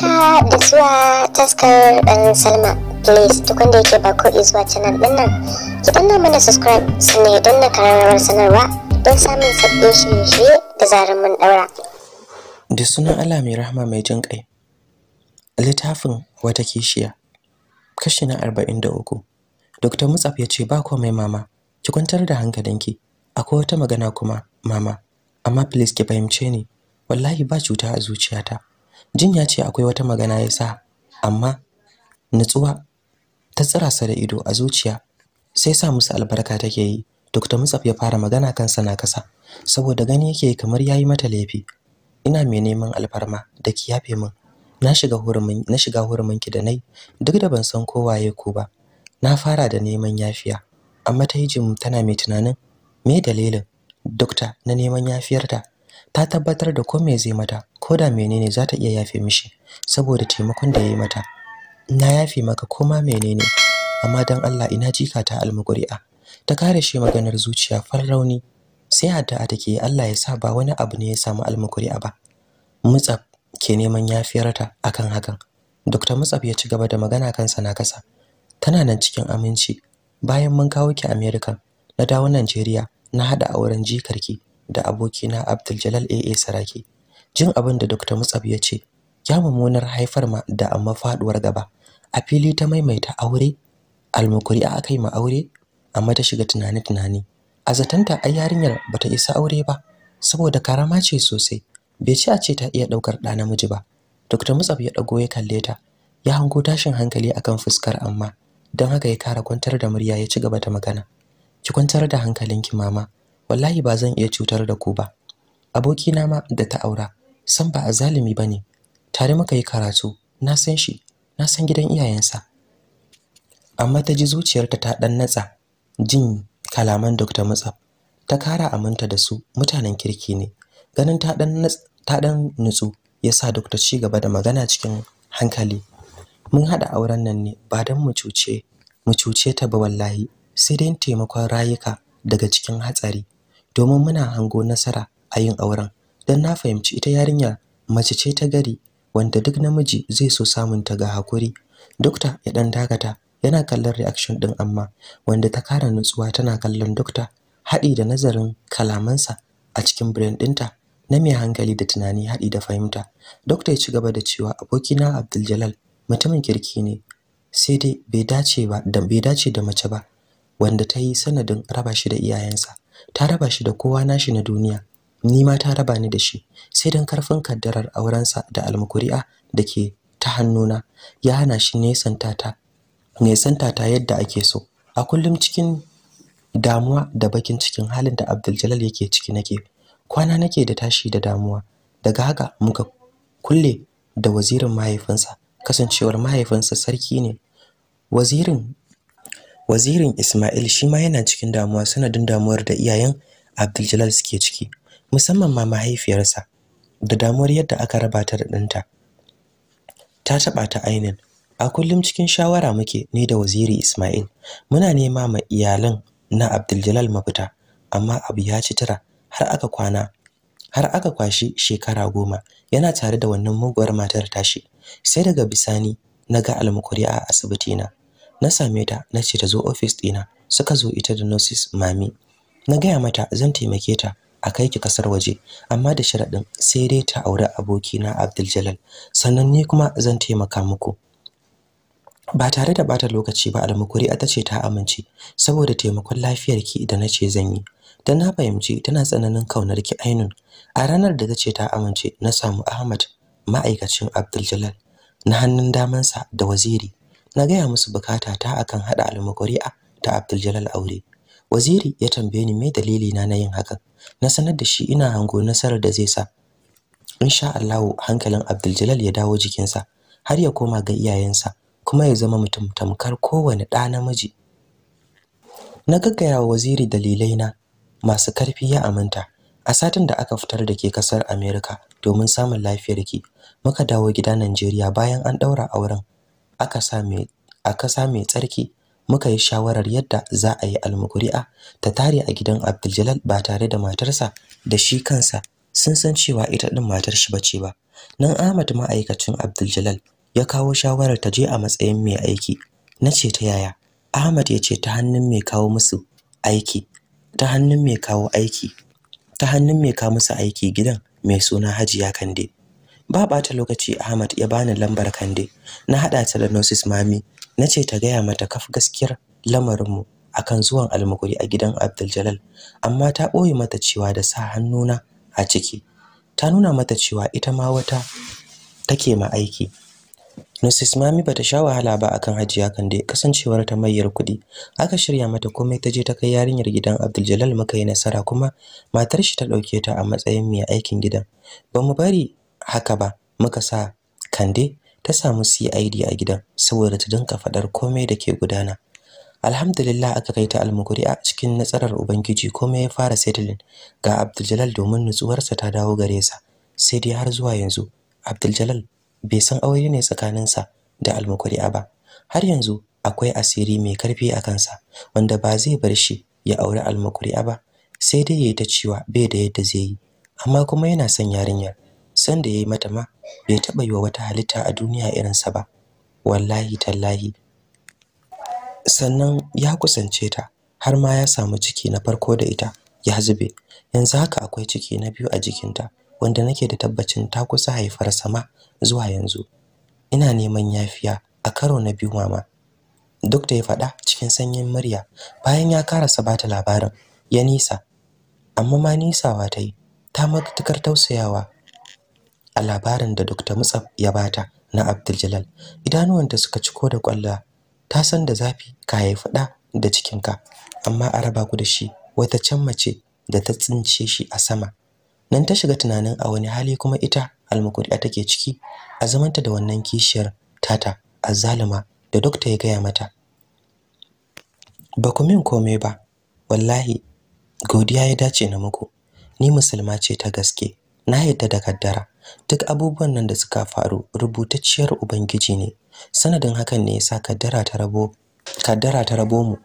haka da zuwa taskar dan salma please duk wanda yake ba ko zuwa canal din nan ki danna mana subscribe sannan ya danna karamar sanarwa don samun sabbin shirye-shirye da zarar mun daura da sunan allah mai rahama mai jin kai littafin wata kishiya kashi na arba'in da uku dr mutsaf ya ce ba komai mama ki kwantar da hankalinki akwai wata magana kuma mama amma please ki fahimce ni wallahi ba cuta a zuciyata jin ya ce akwai wata magana ya sa amma nutsuwa ta sa da ido a zuciya sai sa musu albarka take yi Dr. musaf ya fara magana kan na kasa saboda gani yake kamar yayi mata laifi. Ina mai neman alfarma da ki yafe min. Na shiga hurumin na shiga hurumin ki da nai duk da ban san ko waye ko ba. Na fara da neman yafiya amma ta yi jin tana mai tunanin me dalilin Dokta na neman yafiyarta ta tabbatar da ko me zai mata ko da menene za ta iya yafe mishi saboda taimakon da ya yi mata na yafe maka koma ma menene amma dan Allah ina jika ta almuguri'a ta kare shi maganar zuciya far rauni sai a take Allah ya sa ba wani abu ne ya samu almuguri'a ba mutsab ke neman yafiyar ta akan hakan Dr. Mutsab ya ci gaba da magana kansa na kasa tana nan cikin aminci bayan mun kawo ki America na dawo Najeriya na haɗa auren jikarki da abokina Abdul Jalal AA Saraki. Jin abin da Dr. Mutsab ya ce, ya mummunar haifar ma da amma faduwar gaba. A fili ta maimaita aure, almukuri a akai ma aure, amma ta shiga tunani-tunani. A zatanta ai yarinyar bata isa aure ba, saboda karama ce sosai. Bai ci a ce ta iya ɗaukar ɗa namiji ba. Dr. Mutsab ya dago ya kalle ta, ya hango tashin hankali akan fuskar amma, don haka ya kara kwantar da murya ya ci gaba da magana. Ki kwantar da hankalinki mama, wallahi ba zan iya cutar da ku ba abokina ma da ta aura san ba a zalimi bane tare muka yi karatu na san shi na san gidan iyayensa amma ta ji zuciyarta ta dan natsa jin kalaman Dr. mutsa ta kara aminta da su mutanen kirki ne ganin ta dan ta dan nutsu yasa Dr. ci gaba da magana cikin hankali mun hada auren nan ne ba dan mu cuce mu cuce ta ba wallahi sai dai taimakon rayuka daga cikin hatsari domin muna hango nasara a yin auren don na fahimci ita yarinya mace ce ta gari wanda duk namiji zai so samun ta ga hakuri dokta ya dan dagata yana kallon reaction din amma wanda ta kara nutsuwa tana kallon dokta haɗi da nazarin kalamansa a cikin brain dinta, na mai hankali da tunani haɗi da fahimta dokta ya ci gaba da cewa abokina abdul jalal mutumin kirki ne sai dai bai dace ba bai dace da mace ba wanda ta yi sanadin raba shi da iyayensa ta raba shi da kowa nashi na duniya ni ma ta raba ni da shi sai dan karfin kaddarar aurensa da almukuri'a da ke ta hannuna ya hana shi nesan tata nesan tata yadda ake so a kullum cikin damuwa da bakin cikin halin da Abdul yake ciki nake kwana nake da tashi da damuwa daga haka muka kulle da wazirin mahaifinsa kasancewar mahaifinsa sarki ne wazirin wazirin Ismail shi ma yana cikin damuwa sanadin damuwar da iyayen Abdul suke ciki musamman ma mahaifiyarsa da damuwar yadda aka raba ta da ɗanta ta taba ta ainin a kullum cikin shawara muke ni da waziri Ismail muna nema ma iyalan na Abdul mafita amma abu ya ci tira har aka kwana har aka kwashi shekara goma yana tare da wannan muguwar matar tashi sai daga bisani na ga almukuri a asibiti na na same ta na ce ta zo office ɗina suka zo ita da nurses mami na gaya mata zan taimake ta a kai ki kasar waje amma da sharaɗin sai dai ta aure abokina Abdul Jalal sannan ni kuma zan taimaka muku ba tare da bata lokaci ba almukuri ta ce ta amince saboda taimakon lafiyarki da nace zan yi dan na fahimci tana tsananin kaunarki ainun a ranar da ta ce ta amince na samu Ahmad ma'aikacin Abdul Jalal na hannun damansa da waziri na gaya musu bukata ta akan haɗa almakuri'a ta Abdul aure waziri ya tambaye ni me dalili na na yin hakan na sanar da shi ina hango nasarar da zai sa insha Allah hankalin Abdul ya dawo jikinsa har ya koma ga iyayensa kuma ya zama mutum tamkar kowane ɗa namiji na gaggaya wa waziri dalilai na masu karfi ya aminta a satin da aka fitar da ke kasar amerika domin samun lafiyar ki muka dawo gida Najeriya bayan an daura auren a ƙasa mai tsarki muka yi shawarar yadda za a yi almukuri'a ta tare a gidan Abdul ba tare da matarsa da shi kansa sun san cewa ita ɗin matar shi bace ba nan Ahmad ma'aikacin Abdul ya kawo shawarar ta je a matsayin mai aiki nace ta yaya Ahmad ya ce ta hannun mai kawo musu aiki ta hannun mai kawo aiki ta hannun mai kawo musu aiki gidan mai suna Hajiya Kande ba ɓata lokaci Ahmad ya bani lambar Kande na haɗa ta da Nurses Mami na ce ta gaya mata kaf gaskiyar lamarinmu akan zuwan almukuri a gidan Abdul amma ta ɓoye mata cewa da sa hannuna a ciki ta nuna mata cewa ita ma wata take ma aiki Nurses Mami bata sha wahala ba akan Hajiya Kande kasancewar ta mayar kuɗi. Aka shirya mata komai ta je ta kai yarinyar gidan Abdul muka yi nasara kuma matar shi ta ɗauke ta a matsayin mai aikin gidan. Ba mu bari haka ba muka sa kande ta samu CID a gidan saboda ta dinka fadar komai da ke gudana alhamdulillah aka kai ta almuguri cikin nasarar ubangiji komai ya fara settling ga Abdul domin nutsuwarsa ta dawo gare sa sai dai har zuwa yanzu Abdul bai san aure ne tsakaninsa da almuguri ba har yanzu akwai asiri mai karfi a kansa wanda ba zai bar shi ya auri almuguri ba sai dai yayi ta cewa bai da yadda zai yi amma kuma yana son yarinyar Sanda da yayi mata ma bai taba yi wa wata halitta a duniya irinsa ba wallahi tallahi sannan ya kusance ta har ma ya samu ciki na farko da ita ya zube yanzu haka akwai ciki na biyu a jikinta wanda nake da tabbacin ta kusa haifar sama zuwa yanzu ina neman yafiya a karo na biyu mama duk da ya faɗa cikin sanyin murya bayan ya karasa bata labarin ya nisa amma ma nisawa ta yi ta matukar tausayawa a labarin da Dr. Mutsaf ya bata na Abdul Jalal. Idanuwanta suka ciko da kwalla. Ta san da zafi ka yi fada da cikinka, amma a raba ku da shi wata can mace da ta tsince shi a sama. Nan ta shiga tunanin a wani hali kuma ita almukuri'a take ciki a zamanta da wannan kishiyar tata azzalima da dokta ya gaya mata. Ba ku min komai ba, wallahi godiya ya dace na muku. Ni musulma ce ta gaske, na yadda da kaddara. duk abubuwan nan da suka faru rubutacciyar ubangiji ne sanadin hakan ne yasa kaddara ta rabo kaddara ta rabo mu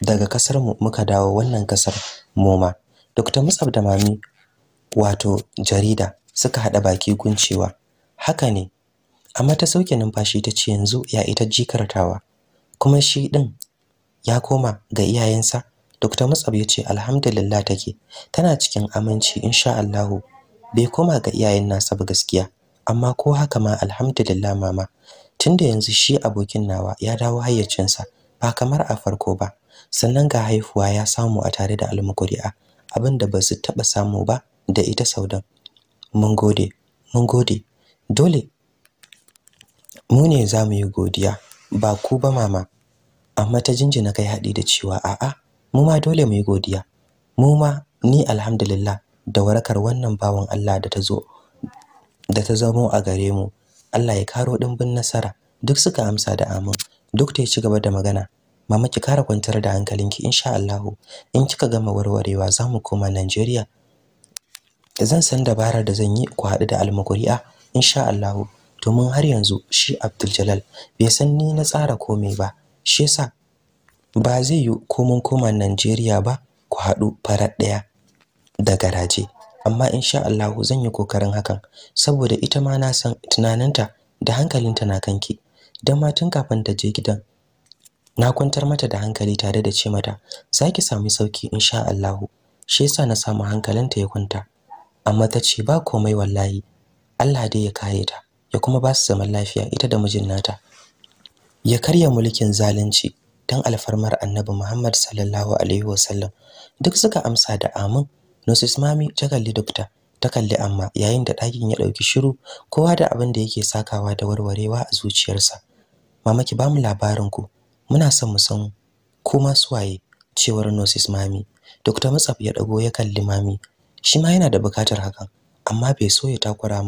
daga kasar mu muka dawo wannan kasar moma dr musab da mami wato jarida suka hada baki cewa haka ne amma ta sauke numfashi ta ce yanzu ya ita jikartawa kuma shi din ya koma ga iyayensa Dr. musab ya ce alhamdulillah take tana cikin aminci insha Allahu bai koma ga iyayen nasa ba gaskiya amma ko haka ma alhamdulillah mama tunda yanzu shi abokin nawa ya dawo hayyacinsa ba kamar a farko ba sannan ga haifuwa ya samu a tare da almukuri'a abin da ba su taɓa samu ba da ita saudan mun gode mun gode dole mu ne za mu yi godiya ba ku ba mama amma ta jinjina kai haɗi da cewa a'a mu ma dole mu yi godiya mu ma ni alhamdulillah da warakar wannan bawan Allah da ta zo da ta zamo a gare mu Allah ya karo dimbin nasara duk suka amsa da amin duk ta ci gaba da magana mama ki kara kwantar da hankalinki insha Allah in kika gama warwarewa za mu koma Najeriya zan san dabarar da zan yi ku haɗu da almukuri'a insha Allah to mun har yanzu shi Abdul Jalal bai san ni na tsara komai ba shi yasa ba zai yi ko koma Najeriya ba ku haɗu farat ɗaya da garaje amma insha Allah zan yi kokarin hakan saboda ita ma na san tunaninta da hankalinta na kanki dan ma tun kafin ta je gidan na kwantar mata da hankali tare da ce mata zaki samu sauki insha Allah shi yasa na samu hankalinta ya kwanta amma ta ce ba komai wallahi Allah dai ya kare ta ya kuma ba su zaman lafiya ita da mijin nata ya karya mulkin zalunci dan alfarmar Annabi Muhammad sallallahu alaihi wasallam duk suka amsa da amin Nurses Mami ta kalli dokta, ta kalli amma yayin da ɗakin ya ɗauki shiru kowa da abin da yake sakawa da warwarewa a zuciyarsa. Mama ki bamu labarin ku. Muna son mu san kuma suwaye cewar Nurses Mami. Dokta Mutsaf ya ɗago ya kalli Mami. Shi ma yana da bukatar hakan, amma bai so ya takura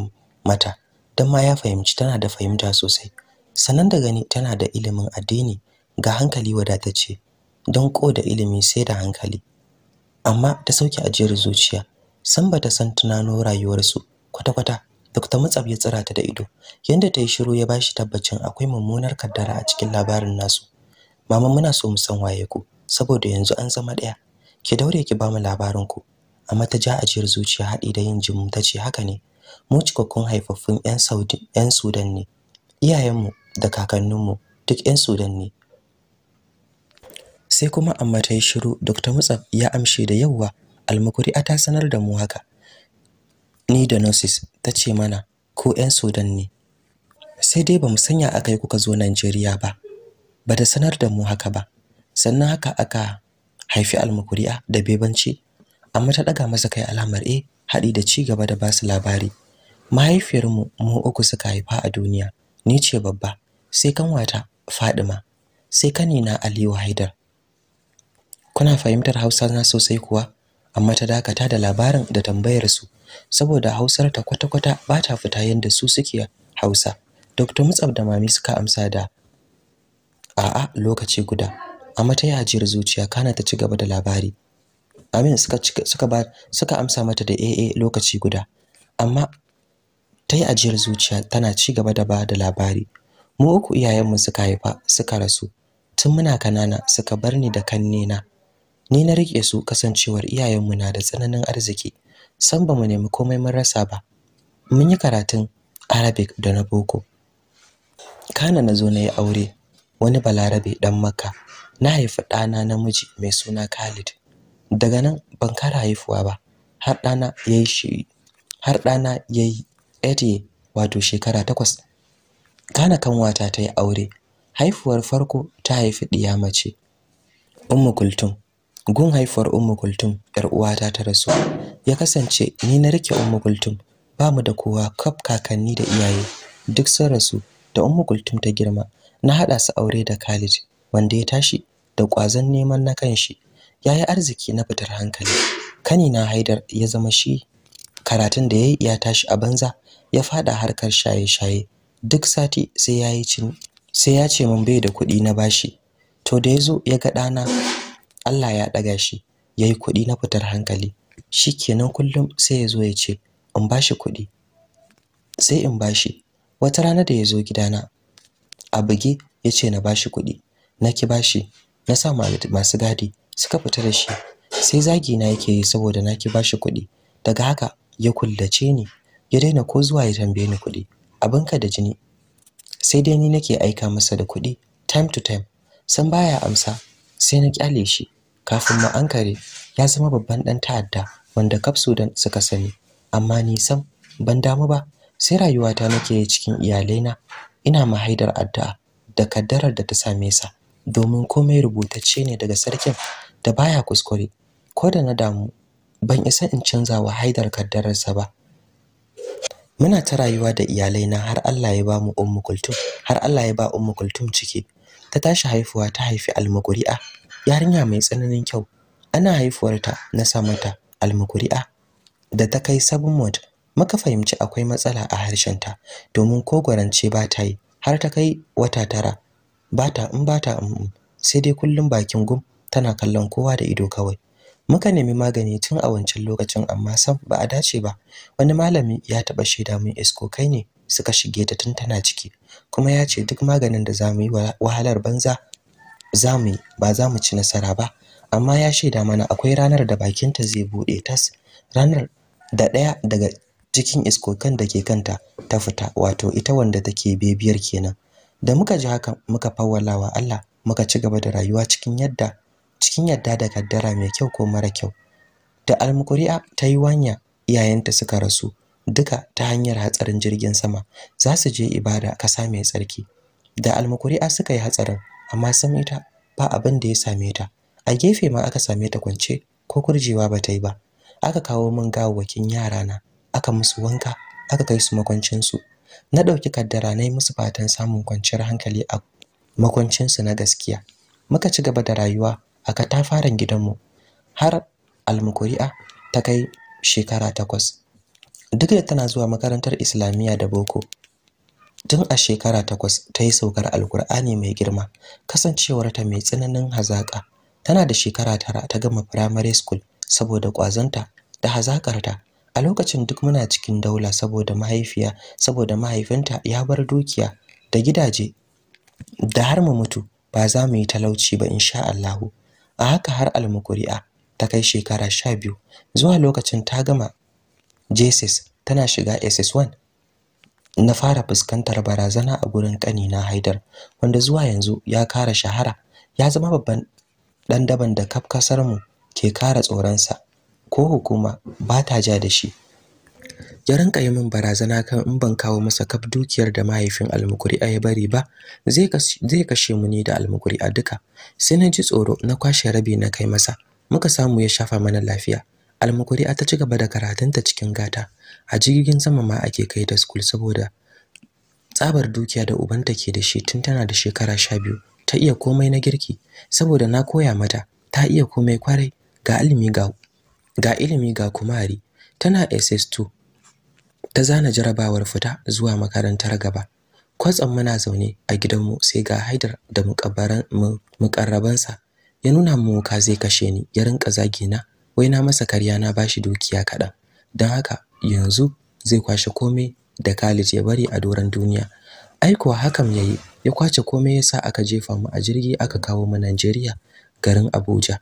mata don ma ya fahimci tana da fahimta sosai. Sannan da gani tana da ilimin addini ga hankali wadatacce. Don ko da ilimi sai da hankali. amma ta sauke ajiyar zuciya san bata san tunano rayuwarsu kwata-kwata Dr. Mutsab ya tsira ta da ido yanda ta yi shiru ya bashi tabbacin akwai mummunar kaddara a cikin labarin nasu mama muna so mu san waye ku saboda yanzu an zama daya ki daure ki ba mu labarin ku amma ta ja ajiyar zuciya haɗi da yin jimu ta ce haka ne mu cikakkun haifaffun 'yan Saudi 'yan Sudan ne iyayenmu da kakanninmu duk 'yan Sudan ne sai kuma amma ta yi shiru Dr. Mutsaf ya amshe da yawwa almakuri a ta sanar da mu haka ni da nurses ta ce mana ko 'yan Sudan ne sai dai ba mu sanya kai kuka zo Najeriya ba ba da sanar da mu haka ba sannan haka aka haifi almakuri'a da bebanci amma ta daga masa kai alamar e haɗi da ci gaba da basu labari mahaifiyarmu mu uku suka haifa a duniya ni ce babba sai kanwata Faɗima, sai kanina Aliyu Haidar kuna fahimtar Hausa na sosai kuwa amma ta dakata da labarin da tambayar su saboda Hausar ta kwata-kwata ba ta fita yanda su suke Hausa Dr. Mutsab da Mami suka amsa da a'a lokaci guda amma ta yi ajiyar zuciya kana ta ci gaba da labari Amin suka amsa mata da AA eh, eh, lokaci guda amma ta yi ajiyar zuciya tana ci gaba da ba da labari mu uku iyayenmu suka haifa suka rasu tun muna kanana suka bar ni da kannena ni na rike su kasancewar iyayenmu na da tsananin arziki san ba mu nemi komai mun rasa ba mun yi karatun arabic da na boko kana na zo na yi aure wani balarabe dan makka na haifi ɗana namiji mai suna khalid daga nan ban kara haifuwa ba har ɗana ya yi shi har ɗana ya yi wato shekara takwas kana kan wata ta yi aure haifuwar farko ta haifi ɗiya mace ummu kultum gun haifar Ummu Kultum yar uwata ta rasu ya kasance ni na rike Ummu Kultum bamu da kowa kaf kakanni da iyaye duk sun rasu da Ummu Kultum ta girma na hada su aure da Khalid wanda ya tashi da kwazon neman na kanshi yayi arziki na fitar hankali kani na Haidar ya zama shi karatun da yayi ya tashi a banza ya fada harkar shaye-shaye duk sati sai yayi cin sai ya ce min bai da kuɗi na bashi to da yazo ya ga ɗana Allah ya ɗaga shi ya yi kuɗi na fitar hankali Shi kenan kullum sai ya zo ya ce in bashi kuɗi sai in bashi wata rana da ya zo gidana a buge ya ce na bashi kuɗi na ki bashi na sa masu gadi suka fita da shi sai zagi na yake yi saboda na ki shi kuɗi daga haka ya kullace ni ya daina ko zuwa ya tambaye ni kuɗi abinka da jini sai dai ni nake aika masa da kuɗi time to time san baya amsa sai na kyale shi kafin mu ankare ya zama babban dan ta'adda wanda kapsudan suka sani amma ni sam ban damu ba sai rayuwata nake cikin iyalaina ina mahaidar addu'a da kaddarar da ta same sa domin komai rubutacce ne daga sarkin da baya kuskure ko da na damu ban isa in canza wa haidar kaddararsa ba muna ta rayuwa da iyalaina har Allah ya ba mu ummu kultum har Allah ya ba ummu kultum ciki ta tashi haifuwa ta haifi almukuri'a yarinya mai tsananin kyau ana haifuwarta na sa mata Almakuri'a. da ta kai sabon mod muka fahimci akwai matsala a harshen ta, domin ko gwarance ba ta yi har ta kai wata tara ba ta in ba ta mm, mm, sai dai kullum bakin gum tana kallon kowa da ido kawai muka nemi magani tun a wancan lokacin amma sam ba a dace ba wani malami ya taɓa shaida mun isko kai ne suka shige ta tun tana ciki kuma ya ce duk maganin da za mu yi wahalar banza za mu ba za mu ci nasara ba amma ya shaida mana akwai ranar da bakinta zai buɗe tas ranar da ɗaya daga cikin iskokan da ke kanta ta fita wato ita wanda take bebiyar kenan da muka ji haka muka fawwalawa Allah muka ci gaba da rayuwa cikin yadda cikin yadda da kaddara mai kyau ko mara kyau da almukuri'a ta yi wanya iyayenta suka rasu duka ta hanyar hatsarin jirgin sama za su je ibada kasa mai tsarki da almukuri'a suka yi hatsarin amma sam ita ba abin da ya same ta a gefe ma aka same ta kwance ko kurjewa ba ta yi ba aka kawo min gawawwakin na aka musu wanka aka kai su makwancinsu na ɗauki kaddara na yi musu fatan samun kwanciyar hankali a makwancinsu na gaskiya muka ci gaba da rayuwa a katafaren gidanmu har almukuri'a ta kai shekara takwas duk da tana zuwa makarantar islamiyya da boko tun a shekara takwas ta yi saukar alkur'ani mai girma kasancewarta mai tsananin hazaƙa tana da shekara tara ta gama primary school saboda ƙwazonta da hazaƙarta a lokacin duk muna cikin daula saboda mahaifiya saboda mahaifinta ya bar dukiya da gidaje da har mu mutu ba za mu yi talauci ba insha Allahu a haka har almukuri'a ta kai shekara sha biyu zuwa lokacin ta gama jesus tana shiga ss1 na fara fuskantar barazana a gurin kanina haidar wanda zuwa yanzu ya kara shahara ya zama babban dan daban da kaf kasarmu ke kara tsoronsa ko hukuma ba ta ja da shi ya rinka yi min barazana kan in ban kawo masa kaf dukiyar da mahaifin almukuri'a ya bari ba zai kashe mu ni da almukuri a duka sai na ji tsoro na kwashe rabi na kai masa muka samu ya shafa mana lafiya almukuri ta ci gaba da karatunta cikin gata a jirgin sama ma ake kai da school saboda tsabar dukiya da ubanta ke da shi tun tana da shekara sha biyu ta iya komai na girki saboda na koya mata ta iya komai kwarai ga ilimi ga ga ilimi ga kumari tana SS2 ta zana jarabawar fita zuwa makarantar gaba kwatsan muna zaune a gidanmu sai ga Haidar da mukarrabansa ya nuna mu ka zai kashe ni ya rinka zagina na wai na masa karya na bashi dukiya kaɗan don haka yanzu zai kwashe komai da Khalid ya bari a doron duniya ai kuwa hakan yi ya kwace komai ya sa aka jefa mu a jirgi aka kawo mu Najeriya garin Abuja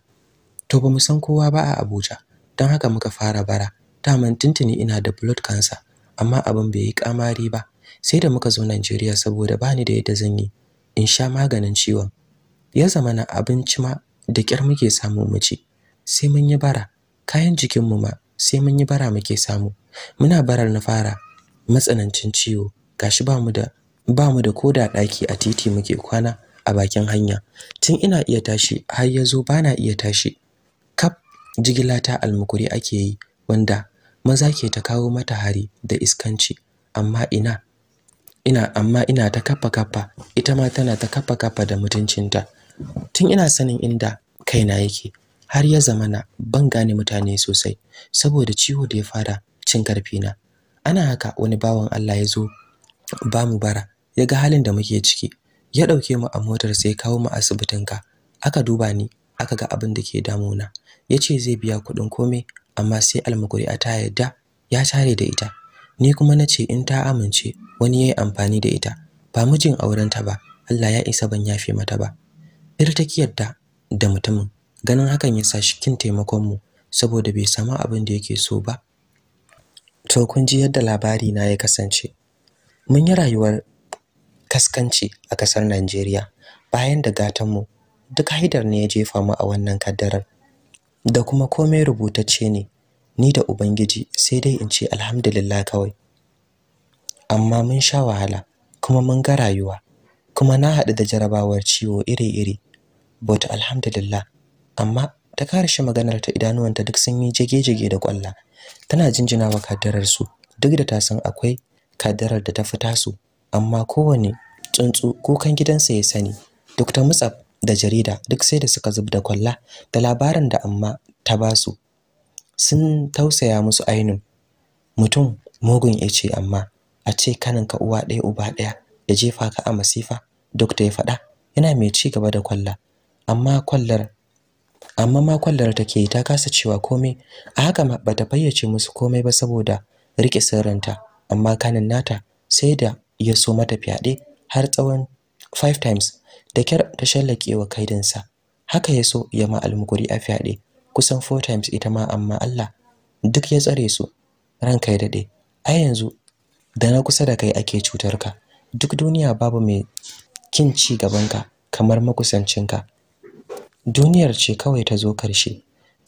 to ba mu san kowa ba a Abuja don haka muka fara bara Ta man tintini ina da blood cancer amma abin bai yi kamari ba sai da muka zo Najeriya saboda bani da yadda zan yi in sha maganin ciwon ya zama na abinci ma da kyar muke samu mu ci sai mun yi bara kayan jikinmu ma sai mun yi bara muke samu muna barar na fara matsanancin ciwo gashi ba mu da ba mu da koda ɗaki a titi muke kwana a bakin hanya tun ina iya tashi har ya zo ba na iya tashi kaf jigilata almukuri ake yi wanda maza ke ta kawo mata hari da iskanci amma ina ina amma ina ta kaffa-kaffa. ita ma tana ta kaffa-kaffa da mutuncinta tun ina sanin inda kaina yake har ya zamana ban gane mutane sosai saboda ciwo da ya fara cin na ana haka wani bawan Allah ya zo ba mu bara ya ga halin da muke ciki ya ɗauke mu a motar sai kawo mu asibitin ka, aka duba ni aka ga abin da ke damuna ya ce zai biya kuɗin komai amma sai almukuri a ta yadda ya tare da ita ni kuma na ce in ta amince wani ya yi amfani da ita ba mijin aurenta ba Allah ya isa ban yafe mata ba ir ta yadda da mutumin ganin hakan ya sa shi kin taimakon mu saboda bai samu abin da yake so ba to kun ji yadda labari na ya kasance mun yi rayuwar kaskanci a kasar Najeriya bayan da gatan mu duk haidar ne ya jefa mu a wannan kaddarar da kuma komai rubutacce ne ni da ubangiji sai dai in ce alhamdulillah kawai amma mun sha wahala kuma mun ga rayuwa kuma na haɗu da jarabawar ciwo iri-iri but alhamdulillah amma ta kare shi maganar ta idanuwanta duk sun yi jage-jage da kwalla tana jinjina wa kaddarar su duk da ta san akwai kaddarar da ta fita su amma kowane tsuntsu kukan gidansa ya sani duk ta Mutsaf da jarida duk sai da suka zub da kwalla da labarin da amma ta ba su sun tausaya musu ainun mutum mugun ya ce amma a ce kanin ka uwa ɗaya uba ɗaya ya jefa ka a masifa duk da ya faɗa yana mai ci gaba da kwalla amma kwallar amma ma kwallar take ta kasa cewa komai a haka ma bata fayyace musu komai ba saboda rike sirrinta amma kanin nata sai da ya so mata fyaɗe har tsawon 5 times da kyar ta shallakewa kaidinsa haka ya so ya ma almukuri a fyaɗe kusan 4 times ita ma amma Allah duk ya tsare su ran ya dade a yanzu da na kusa da kai ake cutarka duk duniya babu mai kin ci gabanka kamar makusancinka duniyar ce kawai ta zo karshe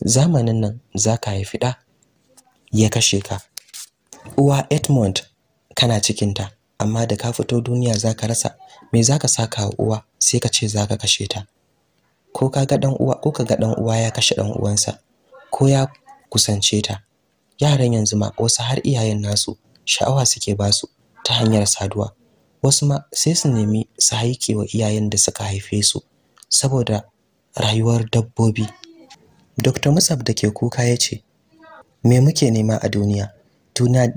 zamanin nan za ka haifi ɗa ya kashe ka uwa edmond kana cikinta amma da ka fito duniya za ka rasa me za ka saka wa uwa sai ka ce za ka kashe ta ko ka ga ɗan uwa ko ka ga ɗan uwa ya kashe ɗan uwansa ko ya kusance ta yaran yanzu ma wasu har iyayen nasu sha'awa suke basu ta hanyar saduwa wasu ma sai su nemi su haikewa iyayen da suka haife su saboda rayuwar dabbobi dr musab da ke kuka ya ce me muke nema a duniya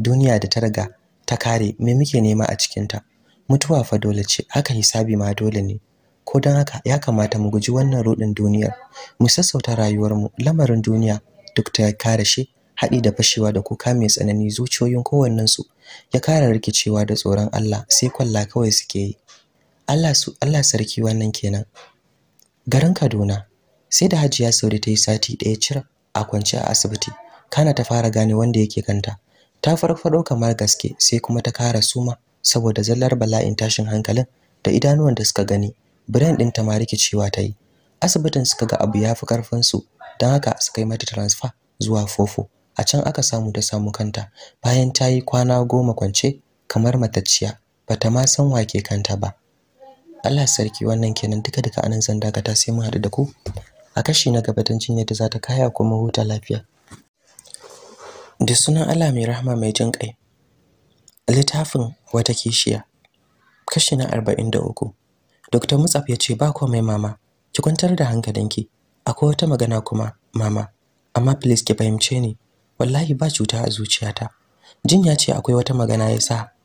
duniya da ta riga ta kare me muke nema a cikinta mutuwa fa dole ce haka hisabi ma dole ne ko don haka ya kamata mu guji wannan ruɗin duniyar mu sassauta rayuwarmu lamarin duniya duk ta kare shi haɗi da fashewa da kuka mai tsanani zuciyoyin kowannensu ya kara rikicewa da tsoron Allah sai kwalla kawai suke yi Allah su Allah sarki wannan kenan garin Kaduna sai da Hajiya Saudi ta yi sati ɗaya cir a kwance a asibiti kana ta fara gane wanda yake kanta ta farfado kamar gaske sai kuma ta kara suma saboda zallar bala'in tashin hankalin da idanuwan da suka gani brain din ta ma cewa ta yi asibitin suka ga abu yafi fi karfin su dan haka suka yi mata transfer zuwa fofo a can aka samu ta samu kanta bayan ta yi kwana goma kwance kamar matacciya bata ma san wake kanta ba Allah sarki wannan kenan duka duka anan zan dakata sai mun haɗu da ku a kashi na gaba don da yadda za ta kaya kuma huta lafiya da sunan Allah mai rahama mai jin kai littafin wata kishiya kashi na 43 Dr. Mutsaf ya ce ba komai mama ki kwantar da hankalinki akwai wata magana kuma mama amma please ki fahimce ni wallahi ba cuta a zuciyata jin ya ce akwai wata magana yasa